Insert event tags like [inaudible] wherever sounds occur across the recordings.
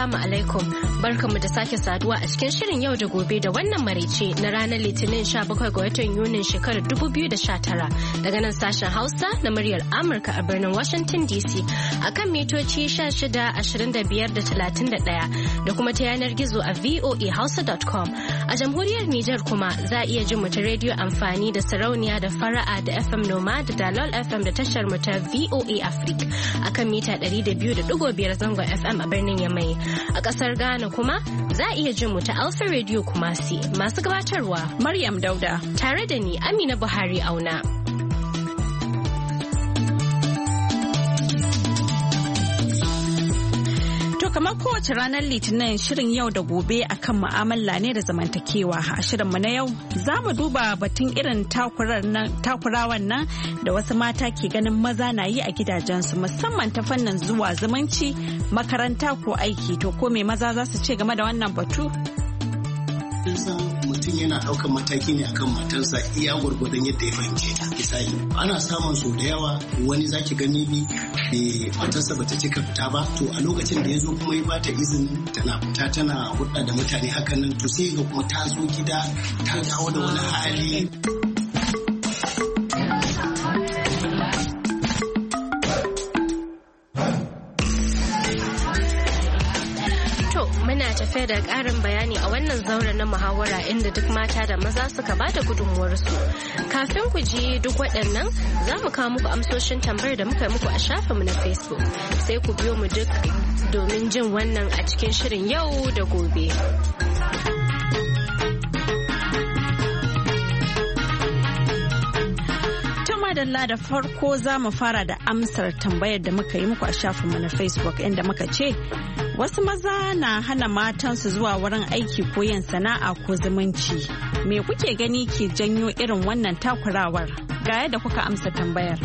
Assalamu alaikum barkamu da sake saduwa a cikin shirin yau da gobe da wannan maraice na ranar Litinin 17 ga watan Yunin shekarar 2019 daga nan sashen Hausa na muryar Amurka a birnin Washington DC a kan mitoci 16, 25 da 31 da kuma ta yanar gizo a voahausa.com A jamhuriyar Nijar kuma za a iya jin mu ta rediyo amfani da sarauniya da fara'a da FM Noma da Dalol FM da tashar mu ta VOA Africa a kan mita 200.5 zangon FM a birnin Yamai. A kasar Ghana kuma za a iya jin mu ta Alpha Radio Kumasi masu gabatarwa Maryam Dauda tare da ni Amina Buhari Auna. kowace ranar litinin shirin yau da gobe a kan mu'amala ne da zamantakewa a shirinmu na yau za mu duba batun irin takurawan nan da wasu mata ke ganin maza na yi a gidajensu musamman ta fannin zuwa zumunci makaranta ko aiki to ko me maza za su ce game da wannan batu matarsa mutum yana ɗaukan mataki ne akan matarsa iya gwargwadon yadda ya fahimce ta misali ana samun su da yawa wani zaki gani bi matarsa bata cika fita ba to a lokacin da ya zo kuma ya bata izinin tana fita tana hulɗa da mutane hakan nan to sai ga kuma ta zo gida ta dawo da wani hali. Muna tafiya da ƙarin bayani a wannan zaure na muhawara inda duk mata da maza suka ba da gudunmuwarsu. Kafin ku ji duk waɗannan za mu kawo muku amsoshin tambayar da muka yi muku a shafinmu na Facebook. Sai ku biyo mu duk domin jin wannan a cikin shirin yau da gobe. madalla da farko za mu fara da amsar tambayar da muka yi muku a shafinmu na facebook inda muka ce wasu maza na hana matansu zuwa wurin aiki ko yin sana'a ko zumunci me kuke gani ke janyo irin wannan takurawar ga yadda kuka amsa tambayar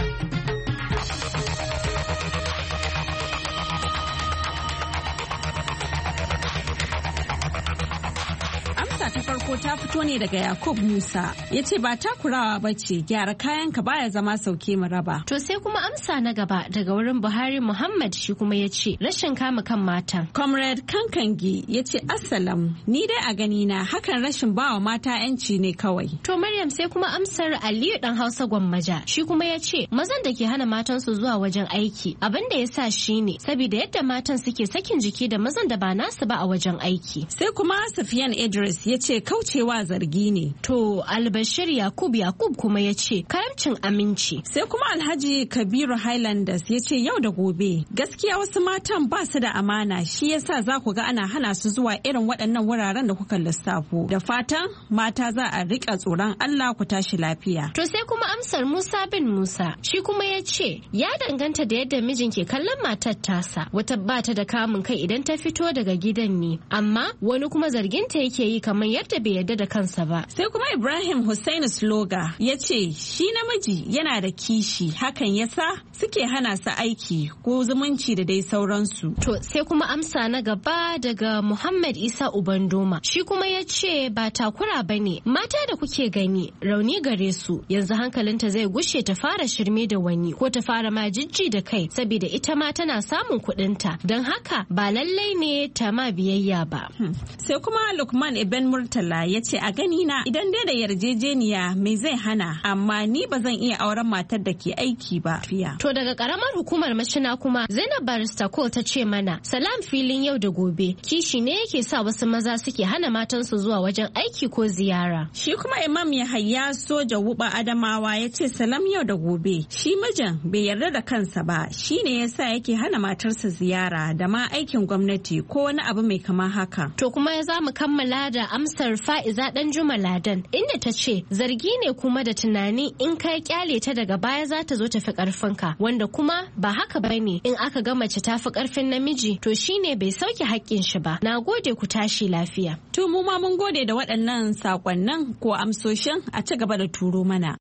ta fito ne daga Yakub Musa ya ce ba takurawa ba ce gyara kayan ka baya zama sauke mu raba. To sai kuma amsa na gaba daga wurin Buhari Muhammad shi kuma ya ce rashin kama kan matan. Comrade Kankangi ya ce Assalam ni dai a gani na hakan rashin bawa mata yanci ne kawai. To Maryam sai kuma amsar Aliyu ɗan Hausa Gwammaja shi kuma ya ce mazan da ke hana matan su zuwa wajen aiki abin da ya sa shi ne saboda yadda matan suke sakin jiki da mazan da ba nasu ba a wajen aiki. Sai kuma Safiyan Idris ya ce cewa zargi ne. To Albashir Yakub Yakub kuma ya ce karamcin aminci. Sai kuma Alhaji Kabiru Highlanders ya ce yau da gobe gaskiya wasu matan ba su da amana shi yasa za ku ga ana hana su zuwa irin waɗannan wuraren da kuka lissafo. Da fatan mata za a riƙa tsoron Allah ku tashi lafiya. To sai kuma amsar Musa bin Musa shi kuma ya ce ya danganta da yadda mijin ke kallon matar tasa wata bata da kamun kai idan ta fito daga gidan ne amma wani kuma zarginta yake yi kamar yadda bai yarda da kansa ba sai kuma ibrahim hussaini sloga ya ce shi namiji yana da kishi hakan yasa suke hana sa aiki ko zumunci da dai sauransu to sai kuma amsa na gaba daga muhammad isa ubandoma shi kuma ya ce ba takura ba ne mata da kuke gani rauni gare su yanzu hankalinta zai gushe ta fara shirme da wani ko ta fara ma jijji da kai saboda ita ma tana samun kuɗinta don haka ba lallai ne ta ma biyayya ba hmm. sai kuma lukman ibn murtala Allah ya ce a gani na idan dai da yarjejeniya me zai hana amma ni ba zan iya auren matar da ke aiki ba. Fiya. To daga karamar hukumar mashina kuma Zainab Barista Cole ta ce mana salam filin yau da gobe kishi ne yake sa wasu maza suke hana matansu zuwa wajen aiki ko ziyara. Shi kuma Imam Yahaya Soja Wuba Adamawa ya ce salam yau da gobe shi mijin bai yarda da kansa ba shi ne yasa yake hana matarsa ziyara da ma aikin gwamnati ko wani abu mai kama haka. To kuma ya za mu kammala da amsar fa'iza dan juma ladan inda ta ce zargi ne kuma da tunani in ka kyale ta daga baya za ta zo tafi karfinka wanda kuma ba haka bane in aka ga mace ta fi karfin namiji to shine bai sauke haƙƙin shi ba na gode ku tashi lafiya to mu ma mun gode da waɗannan saƙonnin ko amsoshin a ci gaba da turo mana.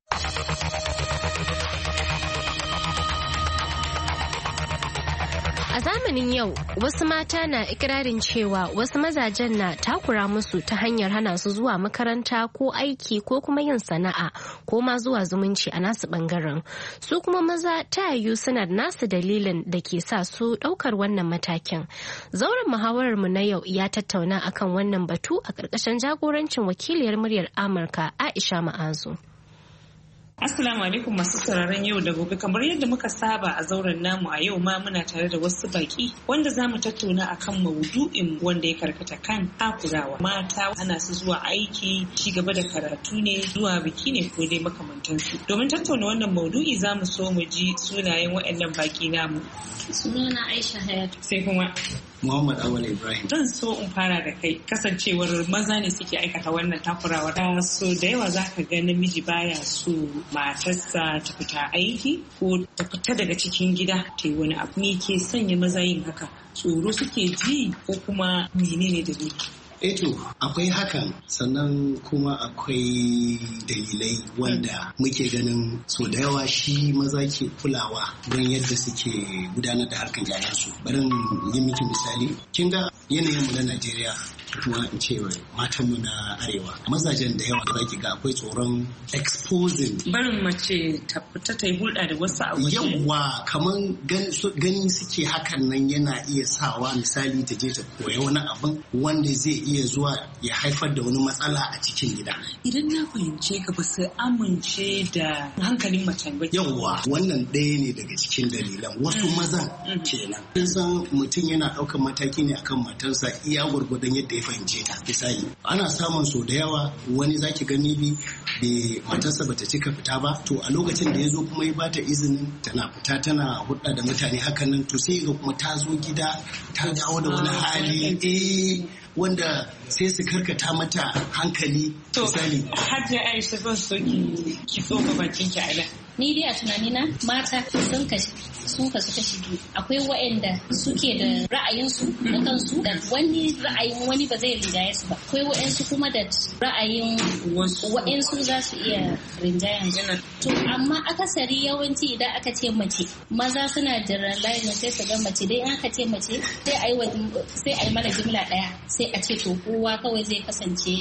zamanin yau wasu mata na ikirarin cewa wasu mazajen na takura musu ta hanyar hana su zuwa makaranta ko aiki ko kuma yin sana'a ko ma zuwa zumunci a nasu bangaren su kuma maza ta yiwu suna nasu dalilin da ke sa su daukar wannan matakin zauren muhawarar mu na yau ya tattauna akan wannan batu a ƙarƙashin jagorancin wakiliyar muryar amurka aisha ma'azu Assalamu alaikum masu sauraron yau da gobe kamar yadda muka saba a zauren namu a yau ma muna tare da wasu baki wanda za mu tattauna a kan maudu'in wanda ya karkata kan takurawa mata ana su zuwa aiki ci gaba da karatu ne zuwa biki ne ko dai makamantansu domin tattauna wannan maudu'i za mu so mu ji sunayen waɗannan baki namu sunana Aisha Hayatu sai kuma Muhammad Awal Ibrahim. Zan so in fara da kai kasancewar maza ne suke aikata wannan takurawa. Da so da yawa za ka ga namiji baya so matarsa ta fita aiki ko ta fita daga cikin gida ta yi wani abu. Me ke sanya maza yin haka? Tsoro suke ji ko kuma menene dalili? Eto eh akwai hakan sannan kuma akwai dalilai wanda muke ganin so da yawa shi maza ke kulawa don yadda suke gudanar da harkar yayansu. Barin yi miki misali, kin ga yanayin mu na Najeriya kuma in ce matan mu na arewa mazajen da yawa da ga akwai tsoron exposing barin mace ta fita ta yi hulɗa da wasu a waje yawa kaman gani suke hakan nan yana iya sawa misali ta je ta koya wani abin wanda zai iya zuwa ya haifar da wani matsala a cikin gida idan na fahimce ka ba su amince da hankalin mace ba yawa wannan ɗaya ne daga cikin dalilan wasu mm. mazan mm. kenan san mutum yana ɗaukar mataki ne akan matarsa iya gwargwadon yadda ya fahimce ta misali ana samun so da yawa wani zaki gani bi bai matarsa bata cika fita ba to a lokacin da ya zo kuma ya bata izinin tana fita tana hudda da mutane hakan nan to sai ga kuma ta zo gida ta dawo da wani hali eh wanda sai su karkata mata hankali misali hajji aisha zan so ki so ga bakin ki a ni dai a tunanina mata sun ka sun kasu biyu akwai waɗanda suke da ra'ayinsu na kansu da wani ra'ayin wani ba zai rinjaye su ba akwai waɗansu kuma da ra'ayin waɗansu za su iya rinjayen to amma akasari yawanci idan aka ce mace maza suna da ra'ayin sai su ga mace dai aka ce mace sai a yi sai a yi mana jimla ɗaya sai a ce to kowa kawai zai kasance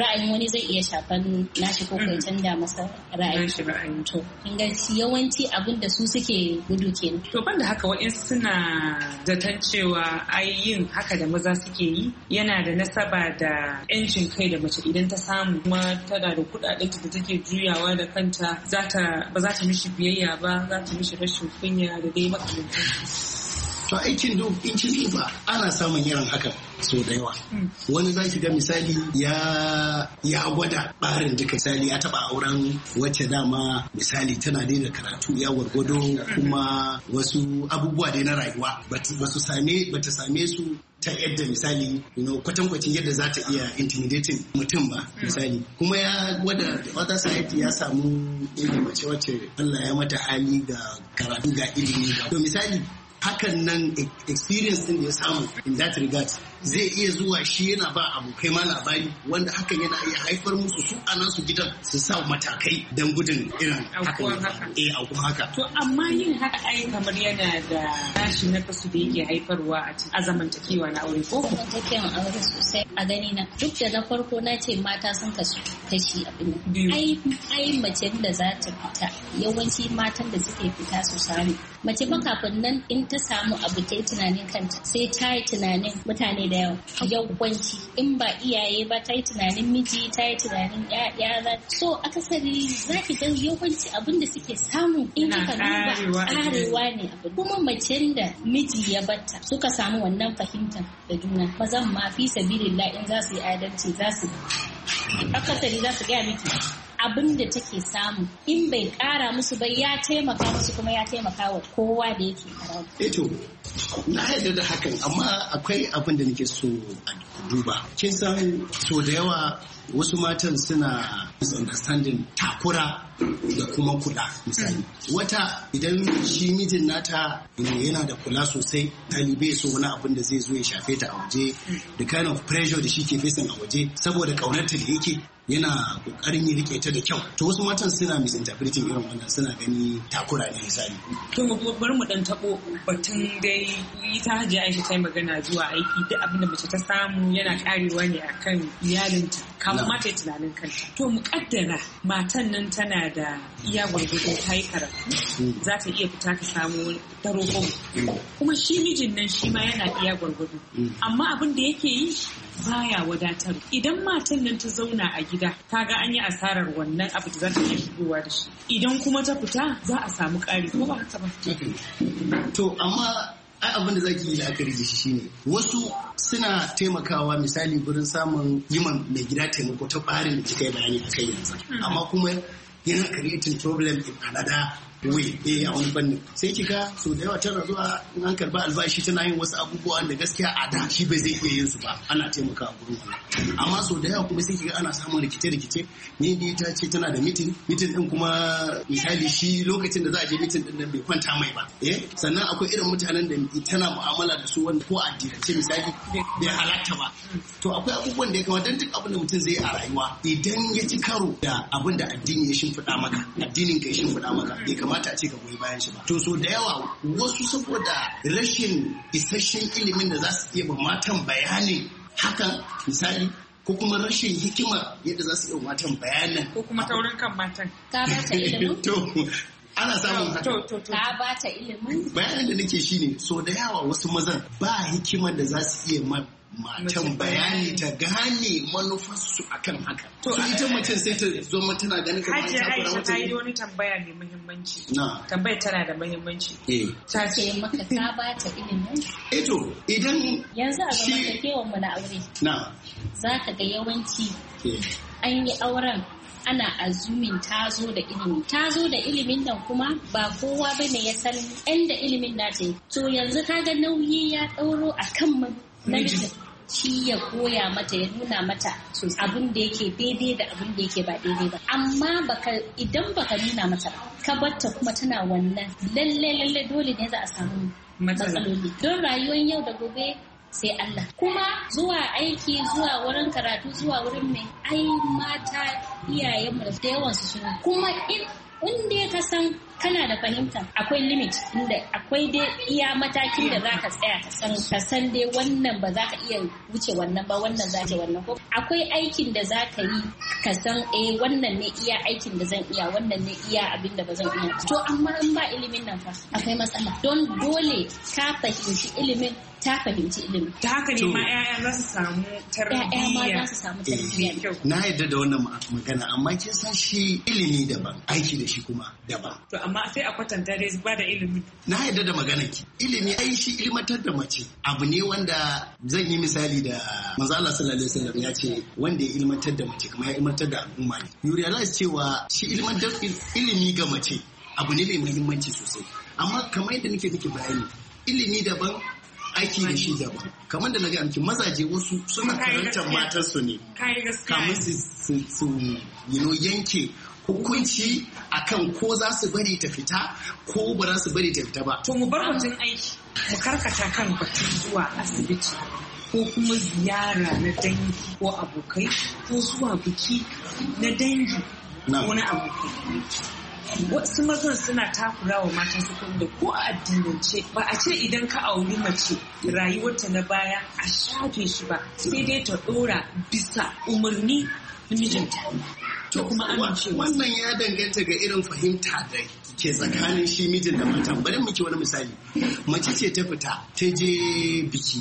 ra'ayin wani zai iya shafan nashi ko kai mm. canja masa ra'ayin shi to inganci yawanci abin da su suke gudu kenan. To ban da haka wa'in suna zaton cewa ai yin haka da maza suke yi yana da nasaba da 'yancin kai da mace idan ta samu kuma tana da kudaden da take juyawa da kanta ba za ta mishi biyayya ba za ta mishi rashin kunya da dai makamantansu. to aikin do in ci ana samun yaran haka so da yawa wani za ki ga misali ya ya gwada barin duka misali ya taba auren wacce dama misali tana daina karatu ya wargwado kuma wasu abubuwa dai na rayuwa ba su same ba ta same su ta yadda misali kwatankwacin yadda za ta iya intimidating mutum ba misali kuma ya da wata side ya samu ilimace wacce Allah ya mata hali ga karatu ga ilimi ga to misali hakan nan experience din da ya samu in that regard zai iya zuwa shi yana ba abokai ma labari wanda hakan yana iya haifar musu su gidan su sa matakai don gudun irin hakan eh auku haka to amma yin haka ai kamar yana da nashi na kasu da yake haifarwa a cikin zamantakewa na aure ko zamantakewa aure sosai a gani na duk da na farko na ce mata sun kasu kashi abin ai ai mace da za ta fita yawanci matan da suke fita su samu. mace kafin nan in ta samu abu ta tunanin kanta sai ta yi tunanin mutane da yawa yawanci in ba iyaye ba ta yi tunanin miji ta yi tunanin ya za so akasari za ki ga yawanci abin da suke samu in ka duba arewa ne abu kuma mace da miji ya batta suka samu wannan fahimtar da juna mazan ma fi sabilillah in za su yi adalci za su akasari za su gaya miki abin da take samu in bai kara musu ba ya taimaka musu kuma ya taimaka wa kowa da yake karatu. Eto, eh na yarda da hakan amma akwai abin da nake so a duba. Kin san so da yawa wasu matan suna misunderstanding takura da kuma kula misali wata idan shi mijin nata yana da kula sosai ɗalibai so wani abin da zai zo ya shafe ta a waje da kind of pressure da shi ke fesin a waje saboda kaunar ta da yake yana kokarin yi rike ta da kyau to wasu matan suna misinterpreting irin wannan suna gani takura ne misali to bari mu dan tabo batun dai ita haji Aisha ta magana zuwa aiki duk abin da mace ta samu yana karewa ne akan iyalinta kafin ma yi tunanin kanta to mu kaddara matan nan tana da iya gwargwado ta yi karatu mm. za ta iya fita ta samu daro mm. kuma shi mijin nan shi ma yana iya gwargwado mm. amma abin da yake yi baya wadatar idan matan nan ta zauna a gida ta ga an yi asarar wannan abu da za ta iya shigowa da shi idan kuma ta fita za a samu ƙari ko ba haka ba mm-hmm. to amma ai abin da ki yi la'akari da shi shine wasu suna taimakawa misali gurin samun yiman mai gida taimako ta ɓarin da kika yi bayani a kai yanzu mm. amma kuma yana creating problem in another we eh a wani fannin sai ki ga so da yawa tana zuwa in an karba albashi tana yin wasu abubuwa da gaskiya a da shi bai zai iya yin su ba ana taimaka a gurin amma so da yawa kuma sai ki ga ana samun rikice rikice ni ne ta ce tana da mitin mitin din kuma misali shi lokacin da za a je mitin din nan bai kwanta mai ba eh sannan akwai irin mutanen da tana mu'amala da su wanda ko addinance misali bai halatta ba to akwai abubuwan da ya kamata dan duk abin da mutum zai a rayuwa idan ya ci karo da abin da addini ya shimfiɗa maka addinin ka ya shimfiɗa maka bai kamata a ce ka goyi bayan shi ba to so da yawa wasu saboda rashin isasshen ilimin da za su iya ba matan bayanin hakan misali ko kuma rashin hikima yadda za su iya matan bayanin ko kuma taurin kan matan ka ba ta ilimin [laughs] to ana samun haka to ta ba ta ilimin bayanin da nake shine so da yawa wasu mazan ba hikimar da za su iya ma matan bayani ta gane manufarsu akan haka to ita mutum sai ta zo tana ganin ka ba ta fara wata ta yi wani tambaya mai muhimmanci na tambayar tana da muhimmanci eh ta ce maka ta [laughs] ba ta ilimin eh to idan yanzu a zama mata kewan mu na aure na ka ga yawanci eh. an yi auren ana azumin ta zo da ilimi ta zo da ilimin nan kuma ba kowa ba ne ya san inda ilimin na ta to yanzu ga nauyi ya ɗauro a kan shi ya koya mata ya nuna mata abin da yake daidai da abin da yake ba daidai ba amma baka idan baka nuna mata ka batta kuma tana wannan lalle lalle dole ne za a samu matsaloli don rayuwar yau da gobe sai Allah kuma zuwa aiki zuwa wurin karatu zuwa wurin mai ai mata iyayenmu da su suna kuma in dai ka san kana da fahimta akwai limit inda akwai dai iya matakin da zaka tsaya ka san ka san dai wannan ba za ka iya wuce wannan ba wannan za ka wannan ko akwai aikin da za ka yi ka san eh wannan ne iya aikin da zan iya wannan ne iya abin da ba zan iya to amma in ba ilimin nan fa akwai matsala don dole ka fahimci ilimin ta fahimci ilimin. Ta haka ne ma 'ya'ya za su samu tarbiyya. 'Ya'ya ma za su samu tarbiyya. Na yadda da wannan magana amma kin san shi ilimi daban aiki da shi kuma daban. amma sai a kwatanta dai ba da ilimi. Na yarda da magana ki. Ilimi ai shi ilmantar da mace abu ne wanda zan yi misali da manzo Allah sallallahu alaihi wasallam ya ce wanda ya ilmantar da mace kuma ya ilmantar da al'umma ne. You realize cewa shi ilmantar ilimi ga mace abu ne mai muhimmanci sosai. Amma kamar yadda nake nake bayani ilimi daban aiki da shi daban kamar da na ga amki mazaje wasu suna karantar matarsu ne kamar su yanke hukunci akan ko za su bari ta fita ko ba za su bari ta fita ba. To mu bar mutum aiki mu karkata kan batun zuwa asibiti ko kuma ziyara na dangi ko abokai ko zuwa biki na dangi ko na abokai. Wasu mazan suna takura wa matan su da ko a addinance ba a ce idan ka auri mace rayuwarta na baya a shafe shi ba sai dai ta dora bisa umarni kuma wannan ya danganta ga irin fahimta da ke tsakanin shi mijin da matan bari muke wani misali mace ce ta fita ta je biki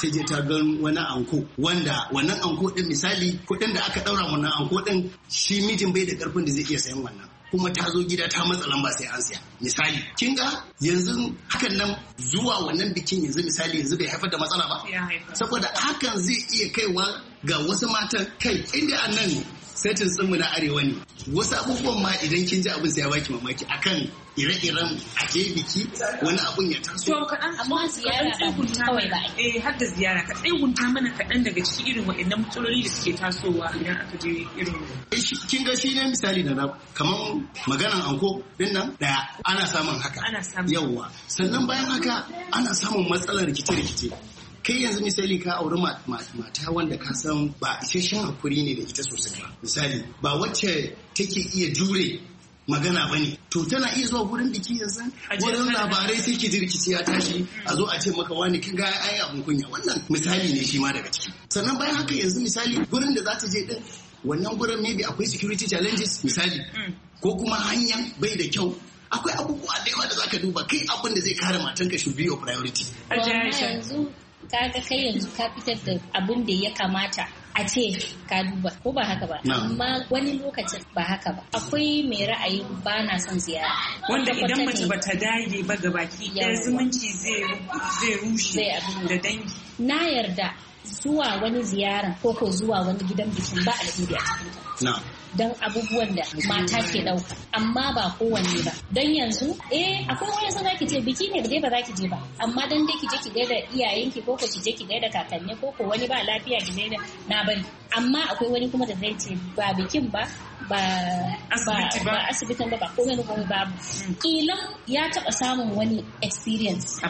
ta je ta gan wani anko wanda wannan anko din misali kuɗin da aka ɗaura wannan anko din shi mijin bai da ƙarfin da zai iya sayan wannan kuma ta zo gida ta matsa lamba sai an siya misali kin ga yanzu hakan nan zuwa wannan bikin yanzu misali yanzu bai haifar da matsala ba saboda hakan zai iya kaiwa ga wasu matan kai inda a nan setin tsinmu na arewa ne wasu abubuwan ma idan kin ji abin sai ya baki mamaki akan ire-iren aje biki wani abun ya taso. To kaɗan amma ziyara tsegunta mai ba. Eh har da ziyara ka tsegunta mana kaɗan daga cikin irin waɗannan matsaloli da suke tasowa idan aka je irin. Eh, kin ga shi ne misali na na kamar maganan anko din nan ɗaya ana samun haka. Ana samun. Yawwa sannan bayan haka ana samun matsalar rikice-rikice. kai yanzu misali ka auri mata wanda ka san ba isasshen hakuri ne da ita sosai ba misali ba wacce take iya jure magana ba ne to tana iya zuwa gurin biki yanzu wurin labarai sai ki jirkici ya tashi a zo a ce maka wani kin ga ai abun kunya wannan misali ne shi ma daga ciki sannan bayan haka yanzu misali gurin da za ta je din wannan gurin maybe akwai security challenges misali mm. ko kuma hanyar bai da kyau akwai abubuwa da yawa da za ka duba kai abin da zai kare matanka should be your priority. yanzu kaga kai yanzu ka fitar da abin da ya kamata a ce ka duba ko ba haka ba amma wani lokacin ba haka ba akwai mai ra'ayi ba na son ziyara wanda idan mace ba ta dage ba baki ɗaya zumunci zai rushe da dangi na yarda zuwa wani ziyara ko ko zuwa wani gidan bikin ba alheri a cikin don abubuwan da mata ke ɗauka amma ba kowanne ba don yanzu eh akwai wani za zaki je biki ne dai ba za ki je ba amma don dai ki je ki gaida iyayenki ko ko ki je ki gaida kakanni ko ko wani ba lafiya ki gaida na bari amma akwai wani kuma da zai ce ba bikin ba ba asibitin ba ba komai ba babu kilan hmm. ya taɓa samun wani experience a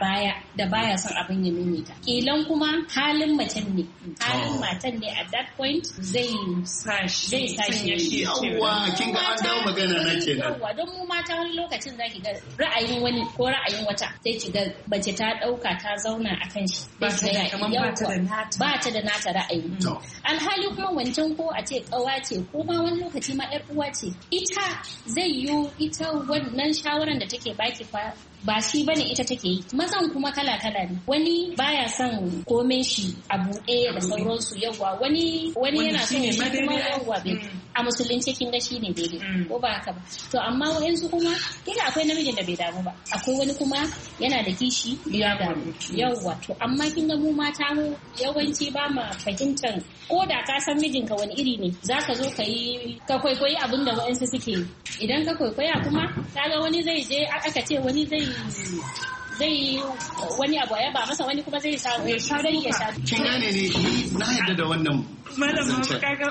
baya da baya son abin ya maimaita kilan kuma halin macen ne halin oh. matan ne at that point zai sashi zai yawwa kin ga an dawo magana na kenan yawwa don mu mata wani lokacin zaki ga ra'ayin wani ko ra'ayin wata sai ki ga bace ta dauka ta zauna akan shi ba ta da nata ba ta da nata ra'ayi alhali kuma wancan ko a ce kawa ce ko ma wani lokaci ma yar uwa ce ita zai yi ita wannan shawaran da take baki fa ba shi bane ita take yi mazan kuma kala kala ne wani baya son komen shi a buɗe da sauransu yawa wani wani yana son shi kuma yawa bai mm. a musulunci kin ga shine daidai mm. ko ba haka ba to amma wayansu kuma kila akwai namijin da bai damu ba akwai wani kuma yana da kishi ya damu yawwa to amma kin ga mu mata mu yawanci ba ma fahimtar ko da ka san mijinka wani iri ne za ka zo ka yi ka kwaikwayi abin da suke yi idan ka kwaikwaya kuma ga wani zai je aka ce wani zai zai yi wani abu ya ba masa wani kuma zai sa eh, sauran ya sha kin gane ne na yadda da wannan malam kaga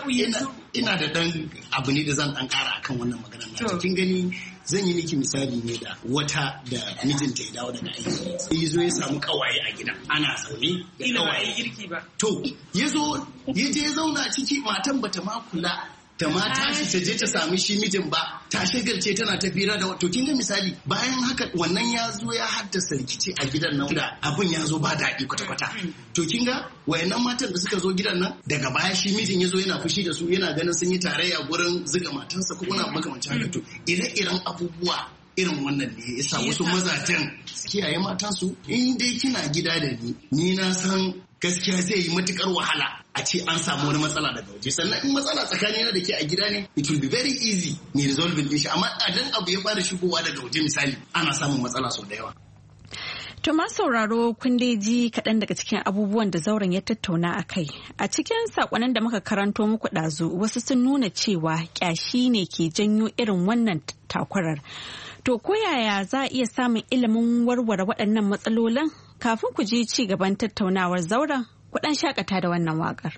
ina da dan abu ne da zan dan kara akan wannan magana kin gani zan yi miki misali ne da wata da mijinta ya dawo daga aiki sai zo ya samu kawaye a gida ana zaune da kawaye girki ba to yazo yaje ya ya zauna ciki matan bata ma kula ta ma tashi ta je ta sami shi mijin ba ta shagalce tana ta fira da to kin misali bayan haka wannan ya zo ya haddasa rikici a gidan nan da abun ya zo ba daɗi kwata kwata to kin ga wayannan matan da suka zo gidan nan daga baya shi mijin ya zo yana fushi da su yana ganin sun yi tarayya gurin zuga matansa. ko kuna makamancin haka to ire-iren abubuwa irin wannan ne isa wasu mazajen kiyaye matansu in dai kina gida da ni ni na san gaskiya zai yi matukar wahala a ce an samu wani matsala daga waje sannan in matsala tsakanina da ke a gida ne it will be very easy Me resolving din shi amma dan abu ya fara shigowa daga waje misali ana samun matsala sau da yawa To ma sauraro kun ji kaɗan daga cikin abubuwan da zauren ya tattauna a kai. A cikin saƙonin da muka karanto muku ɗazu wasu sun nuna cewa ƙyashi ne ke janyo irin wannan takwarar. To koyaya za a iya samun ilimin warware waɗannan matsalolin kafin ku je ci gaban tattaunawar zauren kuɗan shakata da wannan waƙar.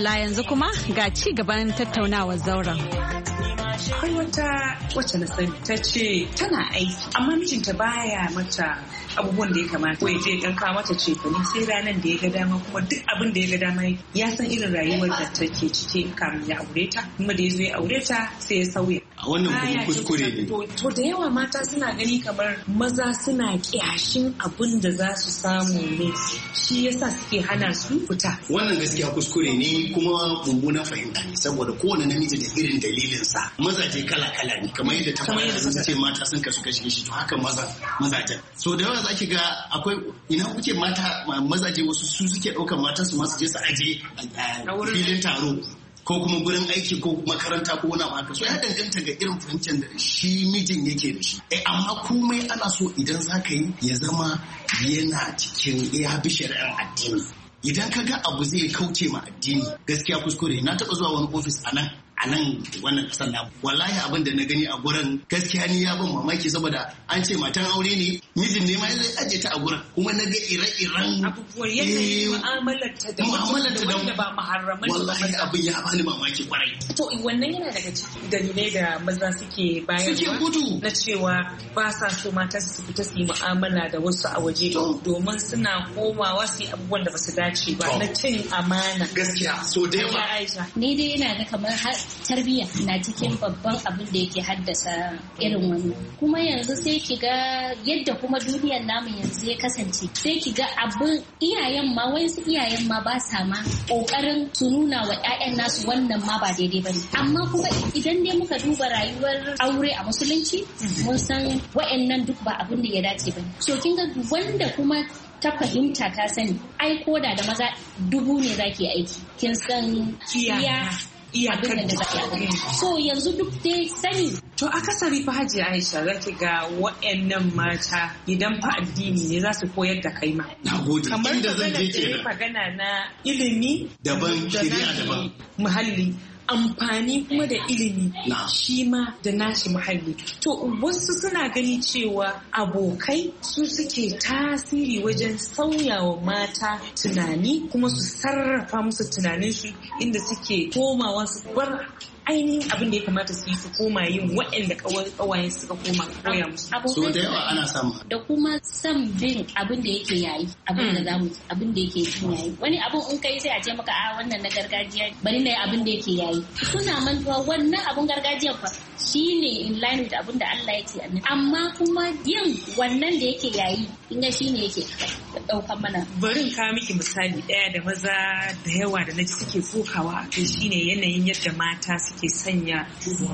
la yanzu kuma ga ci gaban tattaunawar zauren. Akwai wata wacce na sani ta ce tana aiki amma mijinta baya mata abubuwan da ya kamata ko ya je ta kawo mata ne? sai ranar da ya ga dama kuma duk abin da ya ga dama ya san irin rayuwar da take ciki kamin ya aure ta kuma da ya zo ya aure ta sai ya sauya A wannan kuma kuskure ne to da yawa mata suna gani kamar maza suna kyashin abin da za su samu ne shi yasa suke hana su fita wannan gaskiya kuskure ne kuma mummuna fahimta ne saboda kowane namiji da irin dalilin sa mazaje kala kala ne kamar yadda ta fara ce mata sun kasu kashi kashi to haka maza mazajen so da yawa za ki ga akwai ina kuke mata mazaje wasu su suke ɗaukar matan su masu je su aje filin taro ko kuma gurin aiki ko makaranta ko wani haka so ya danganta ga irin fahimtar da shi mijin yake da shi eh amma komai ana so idan za ka yi ya zama yana cikin ya bi shari'ar addini idan ka ga abu zai kauce ma addini gaskiya kuskure na taɓa zuwa wani ofis a nan a nan wannan kasar na wallahi abin da na gani a gurin gaskiya ni ya ban mamaki saboda an ce matan aure ne mijin ne ma ya aje ta a gurin kuma na ga ire-iren abubuwan yanayin eh, mu'amalarta da wanda ba maharraman wallahi abin ya bani mamaki kwarai to wannan yana daga cikin dalilai da maza suke bayan suke gudu na cewa ba sa so mata su fita su yi mu'amala da wasu a waje domin suna komawa su yi abubuwan da ba su dace ba na cin amana gaskiya so da yawa ni dai yana da kamar har tarbiyya na cikin babban abin da yake haddasa irin wannan kuma yanzu sai ki ga yadda kuma duniyar namu yanzu ya kasance sai ki ga abin iyayen ma wasu iyayen ma ba sa ma kokarin su nuna wa ƴaƴan nasu wannan ma ba daidai ba ne amma kuma idan ne muka duba rayuwar aure a musulunci mun san wa'annan duk ba abin da ya dace ba so kin ga wanda kuma ta fahimta ta sani ai koda da maza dubu ne zaki aiki kin san kiya iyakar da za so yanzu duk dai sani to akasari fa hajji aisha ki ga waɗannan mata idan fa addini ne za su koyar da kai ma kamar da zan je kenan magana na ilimi daban shari'a daban muhalli amfani kuma da ilimi shi ma da nashi muhalli to wasu suna gani cewa abokai su suke tasiri wajen sauyawa mata tunani kuma su sarrafa musu tunaninsu inda suke komawa su bar ainihin abin da ya kamata su yi su koma yin waɗanda kawai suka koma koya musu. So da yawa ana samu. Da kuma sam bin abin da yake yayi abin da mm. zamu abin da yake yi yayi wani abin in kai sai a ce maka a ah, wannan na gargajiya bari na yi abin da yake yayi suna mantuwa wannan abin gargajiyan fa shine in line with abin da Allah yake annabi amma kuma yin wannan da yake yayi in shine yake daukan mana. Barin ka miki misali daya da maza da yawa da naji suke kokawa kai shine yanayin yadda mata suke sanya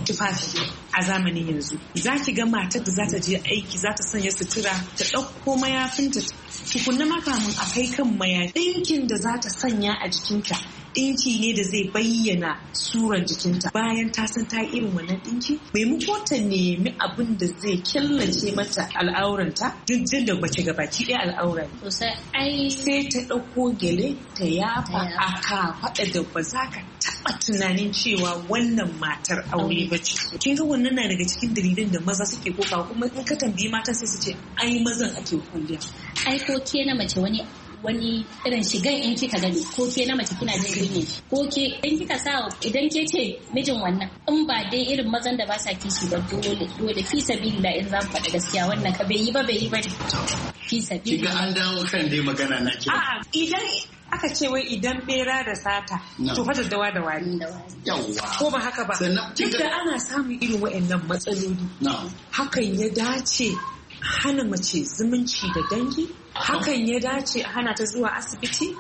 tufafi a zamanin yanzu za ki ga matar da za ta je aiki za ta sanya sutura ta ɗauko mayafinta tukunna makamin a kai kan mayafi ɗinkin da za ta sanya a jikinta ɗinki ne da zai bayyana suran jikinta bayan ta san ta irin wannan ɗinki maimako ta nemi abin da zai killace mata al'auranta jinjin da bace ga baki ɗaya al'auran sai ta ɗauko gele ta yafa a kafaɗa da ba za ka A tunanin cewa wannan matar aure ba ce kin ga wannan na daga cikin dalilan da maza suke koka kuma in ka tambayi mata sai su ce ai mazan ake kulliya ai ko ke na mace wani wani irin shigan in kika gani ko ke na mace kina jin ne ko ke in kika sa idan ke ce mijin wannan in ba dai irin mazan da ba sa kishi ba dole dole fi sabilillah in mu faɗa gaskiya wannan ka bai yi ba bai yi ba fi sabilillah an dawo kan dai magana na ke a'a idan aka ce wai idan bera da sata to fa daddawa da wani ko ba haka ba duk da ana samun irin waɗannan matsaloli hakan ya dace hana mace zumunci da dangi hakan ya dace hana ta zuwa asibiti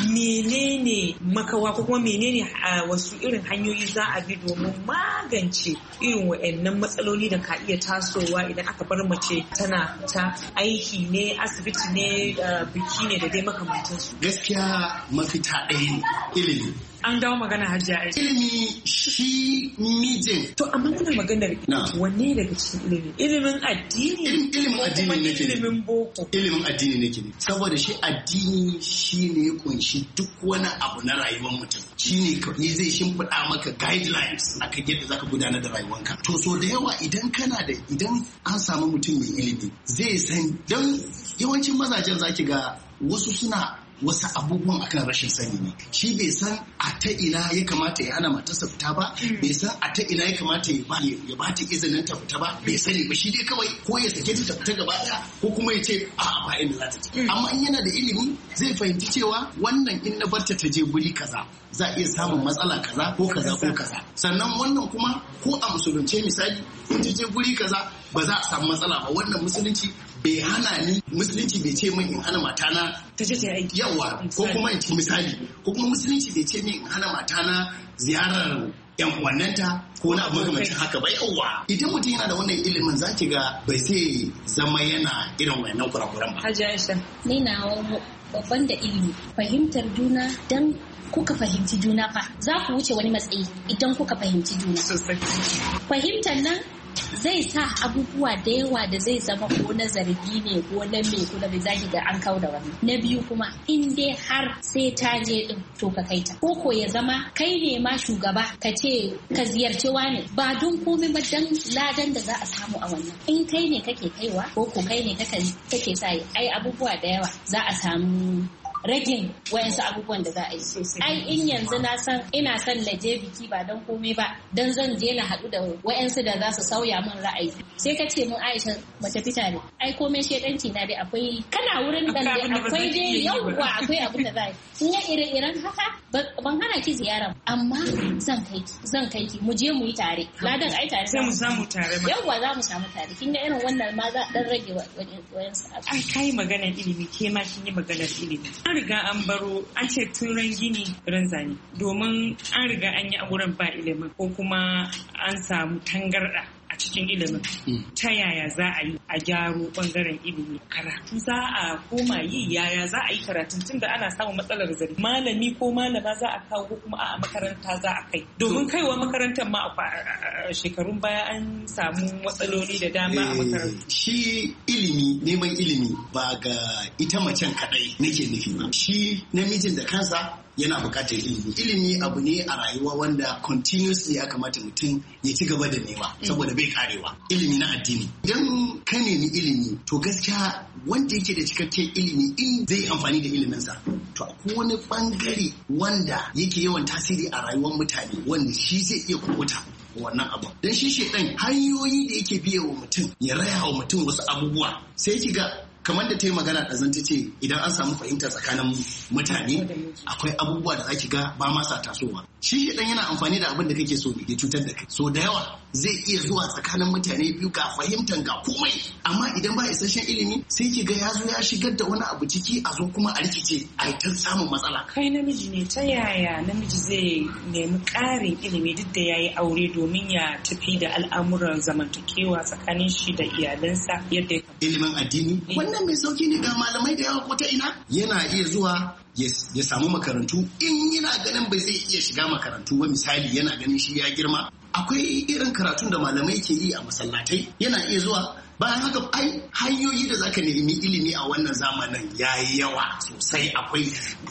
menene makawa ko kuma menene wasu irin hanyoyi za a bi domin magance irin wa'annan matsaloli da ka iya tasowa idan aka bar mace tana ta aiki ne asibiti ne biki ne da dai makamantansu gaskiya mafita ɗaya ilimi an dawo magana a aiki ilimi shi mijin to amma muna maganar wanne daga cikin ilimi ilimin addini ilimin addini ne ilimin boko ilimin addini ne ne saboda shi addini shi ne ya kunshi duk wani abu na rayuwar mutum shi ne kawai zai shimfiɗa maka guidelines a kan yadda zaka gudanar da rayuwanka to so da yawa idan kana da idan an samu mutum mai ilimi zai san don yawancin mazajen zaki ga wasu suna wasu abubuwan akan rashin sani ne shi bai san a ta ina ya kamata ya hana matarsa fita ba hmm. bai san a ta ina ya kamata ya ba ta izinin ta fita ba bai sani ba shi dai kawai ko ya sake ta fita gaba daya ko kuma ya ce a ba inda za ta je hmm. amma in yana da ilimi zai fahimci cewa wannan in na barta ta je guri kaza za a iya samun matsala kaza ko kaza ko kaza sannan wannan kuma ko a musulunce misali in je guri kaza ba za a samu matsala ba wannan musulunci bai hana ni musulunci bai ce min in hana matana ta ce aiki yawa ko kuma in ci misali ko kuma musulunci bai ce min in hana matana ziyarar yan wannanta ko na abu makamancin haka ba yawa idan mutum yana da wannan ilimin za ki ga bai sai zama yana irin wannan kurakuran ba Hajji Aisha ni na babban da ilimi fahimtar juna dan kuka fahimci juna fa za ku wuce wani matsayi idan kuka fahimci juna fahimtar nan zai sa abubuwa da yawa da zai zama ko na zargi ne ko na me ko na zaki ga an da wani na biyu kuma in dai har sai ta je din to ka kai ta ko ko ya zama kai ne ma shugaba ka ce ka ziyarci wani ba don komai ba dan ladan da za a samu a wannan in kai ne kake kaiwa ko ko kai ne kake sa ai abubuwa da yawa za a samu rage wayansu abubuwan da za a yi. Ai in yanzu na san ina son na je biki ba don komai ba don zan je na haɗu da wayansu da za su sauya min ra'ayi. Sai ka ce mun Aisha mace fita ne. Ai komai shedanci na dai akwai kana wurin dan dai akwai dai yawwa akwai abin da za a yi. In ya ire-iren haka ban hana ki ziyara amma zan kai ki zan kai ki mu je mu yi tare. Ladan ai tare. Sai mu samu tare ma. Yawwa za mu samu tare. Kin ga irin wannan ma za dan rage wayansu abu. Ai kai maganar ilimi ke ma kin yi maganar ilimi. an riga an baro an ce tun ran gini ran zane domin an riga an yi a wurin ba ilimin ko kuma an samu tangarɗa cikin ilimin mm. ta yaya za a yi a gyaro bangaren ilimi karatu za a koma yi yaya za a yi karatun da ana samun matsalar zari malami ko malama za a kawo ko kuma a makaranta za a kai domin kaiwa makarantar ma a shekarun baya an samu matsaloli da dama a eh, makarantu shi ilimi neman ilimi ba ga ita macen kadai nake nufi ba shi namijin da kansa yana buƙatar ilimi ilimi abu ne a rayuwa wanda continuously ya kamata mutum ya ci gaba da nema saboda bai karewa ilimi na addini idan ka nemi ilimi to gaskiya wanda yake da cikakken ilimi in zai amfani da iliminsa to akwai wani bangare wanda yake yawan tasiri a rayuwar mutane wanda shi zai iya kubuta wannan abu dan shi shedan hanyoyi da yake biye wa mutum ya raya wa mutum wasu abubuwa sai ki ga kamar da ta yi magana da zanta ce idan an samu fahimta tsakanin mutane akwai abubuwa da zaki ga ba ma tasowa shi shi dan yana amfani da abin da kake so ne cutar da kai so da yawa zai iya zuwa tsakanin mutane biyu ga fahimtan ga komai amma idan ba isasshen ilimi sai ki ga ya zo ya shigar da wani abu ciki a zo kuma a rikice a yi ta samun matsala kai namiji ne ta yaya namiji zai nemi karin ilimi duk da ya yi aure domin ya tafi da al'amuran zamantakewa tsakanin shi da iyalansa yadda ilimin addini eh. wannan mai sauki ne ga malamai da yawa ko ta ina yana iya zuwa ya samu makarantu in yana ganin ba zai iya shiga makarantu ba misali yana ganin shi ya girma akwai irin karatun da malamai ke yi a masallatai yana iya zuwa bayan haka ai hanyoyi da zaka nemi ilimi a wannan zamanin ya yi yawa sosai akwai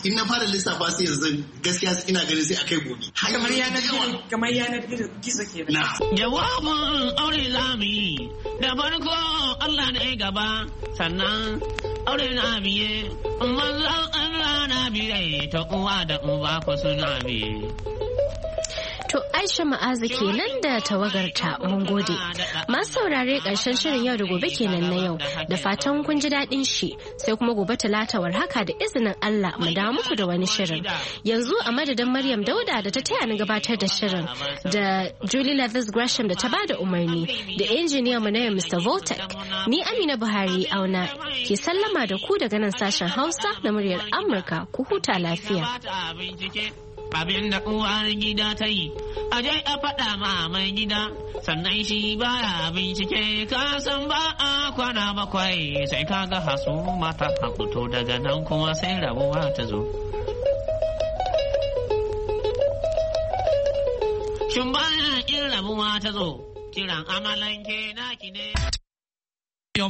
in na fara lissafa sai yanzu gaskiya ina ganin sai akai gobe kamar yanar gizo kamar yanar gizo ke na jawabin aure lami da farko Allah ne gaba sannan aure na biye manzon Allah na biye ta uwa da uba ko suna biye To Aisha Ma'azu kenan da tawagarta mun gode. Masu saurare ƙarshen shirin yau da gobe kenan na yau da fatan kun ji daɗin shi sai kuma gobe talatawar haka da izinin Allah mu dawo muku da wani shirin. Yanzu a madadin Maryam Dauda da ta taya ni gabatar da shirin da Julie Levis Gresham da ta ba da umarni da injiniya mu na yau Mr. Voltec. Ni Amina Buhari auna ke sallama da ku daga nan sashen Hausa na muryar Amurka ku huta lafiya. abin da uwar gida ta yi a je a faɗa ma mai gida sannan shi baya bincike ka san ba a kwana bakwai sai ka ga hasu mata hakuto daga nan kuma sai rabuwa ta zo shin bayan in rabuwa ta zo kiran amalanke naki ne